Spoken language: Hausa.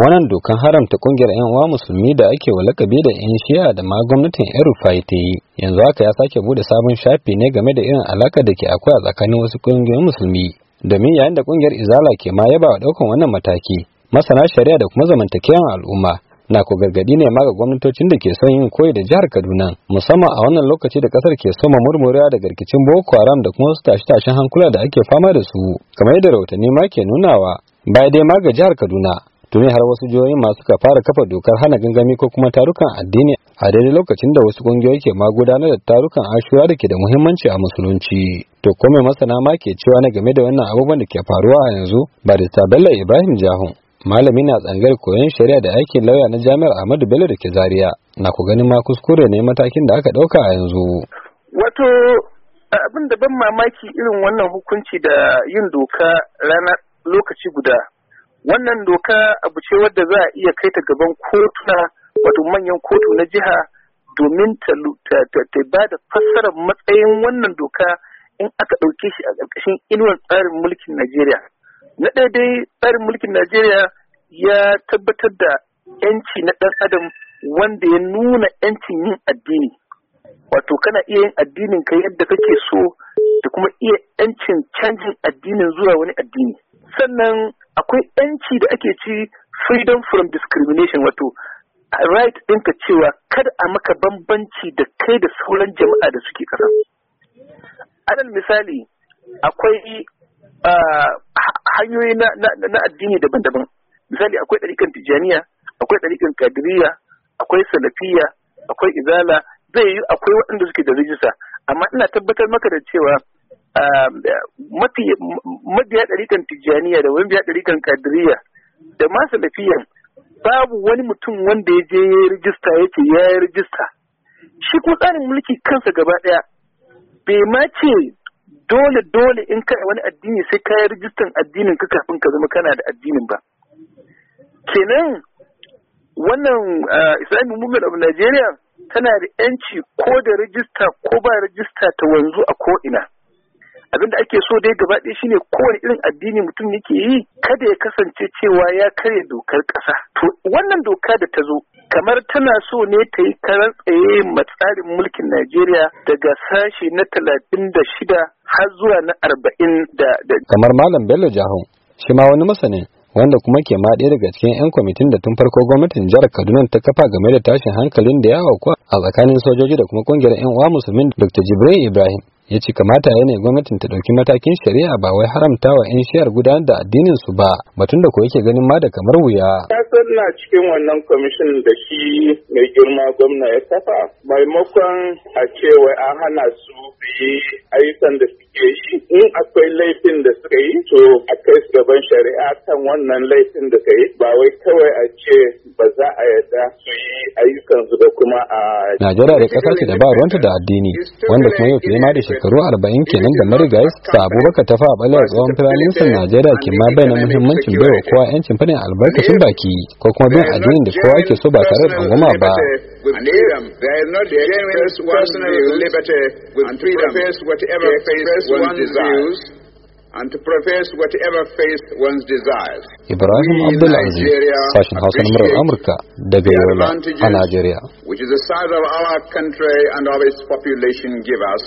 wannan dokan haramta kungiyar yan uwa musulmi da ake wa lakabi da yan shi'a da ma gwamnatin yan rufai ta yi yanzu haka ya sake bude sabon shafi ne game da irin alaka da ke akwai a tsakanin wasu kungiyoyin musulmi domin yayin da kungiyar izala ke ma yaba wa daukan wannan mataki masana shari'a da kuma zamantakewan al'umma na ku gargadi ne ma ga gwamnatocin da ke son yin koyi da jihar Kaduna musamman a wannan lokaci da kasar ke soma murmurewa da garkicin Boko Haram da kuma wasu tashe-tashen hankula da ake fama da su kamar yadda rahotanni ma ke nunawa baya dai ma ga jihar Kaduna domin har wasu jihohin masu ka fara kafa dokar hana gangami ko kuma tarukan addini a daidai lokacin da wasu kungiyoyi ke ma gudanar da tarukan ashura da ke da muhimmanci a musulunci to ko mai masana ma ke cewa na game da wannan abubuwan da ke faruwa a yanzu Ba da bello ibrahim jahun malami na tsangar koyon shari'a da aikin lauya na jami'ar ahmadu bello da ke zaria na ku ganin ma kuskure ne matakin da aka ɗauka a yanzu wato abin da ban mamaki irin wannan hukunci da yin doka rana lokaci guda wannan doka abu ce wadda za a iya kai ta gaban kotuna wato manyan kotu na jiha domin ta ba da fassarar matsayin wannan doka in aka ɗauke shi a ƙarƙashin inuwar tsarin mulkin Najeriya. Na ɗaya dai tsarin mulkin Najeriya ya tabbatar da ‘yanci na ɗan adam wanda ya nuna ‘yancin yin addini. Wato kana iya yin addinin ka yadda kake so da kuma iya ‘yancin canjin addinin zuwa wani addini. Sannan akwai yanci da ake ci freedom from discrimination wato right ɗinka cewa kada a maka bambanci da kai da sauran jama'a da suke ƙasa. Anan misali akwai hanyoyi na addini daban-daban. Misali akwai ɗarikan Tijjaniya, akwai ɗarikan Kadiriya, akwai Salafiyya, akwai Izala, zai yi akwai waɗanda suke da rijista. Amma ina tabbatar maka da cewa mabiya ɗarikan tijjaniya da mabiya ɗarikan kadiriya da masu lafiyan babu wani mutum wanda ya je ya yi rijista ya ce ya yi rijista shi ko tsarin mulki kansa gaba ɗaya bai ma ce dole dole in kai wani addini sai ka yi rijistan addinin ka kafin ka zama kana da addinin ba kenan wannan islamic movement of nigeria tana da yanci ko da rijista ko ba rijista ta wanzu a ko'ina abin da ake so dai gaba ɗaya shine kowane irin addini mutum yake yi kada ya kasance cewa ya karya dokar ƙasa to wannan doka da ta zo kamar tana so ne ta yi karar tsaye matsarin mulkin Najeriya daga sashe na talatin da shida har zuwa na arba'in da kamar malam Bello Jahun shi ma wani masanin wanda kuma ke ma ɗaya daga cikin 'yan kwamitin da tun farko gwamnatin jihar kaduna ta kafa game da tashin hankalin da ya kuwa a tsakanin sojoji da kuma ƙungiyar 'yan uwa musulmin dr jibril ibrahim ya ce kamata ya ne gwamnatin ta ɗauki matakin shari'a ba wai haramta wa 'yan shiyar gudanar da addinin su ba batun da ko yake ganin ma da kamar wuya. ya na cikin wannan kwamishin da shi mai girma gwamna ya kafa maimakon a ce wai an hana su yi ayyukan da suke yi in akwai laifin da suka yi to a kai su gaban shari'a kan wannan laifin da suka yi ba wai kawai a ce ba yarda su yi ayyukansu da kuma a Najeriya da kasar da ba ruwanta da addini wanda kuma yau fiye ma da shekaru arba'in kenan da marigayi sa Abubakar ta fa balar tsawon firaministan Najeriya ke ma bayyana muhimmancin baiwa kowa yancin fadin albarkacin baki ko kuma bin addinin da kowa ke so ba tare da tsangwama ba. and to profess whatever faith one's desires. Ibrahim Abdulaziz, sashen Hausa na murar Amurka daga Yola Najeriya. Which is the size of our country and of its population give us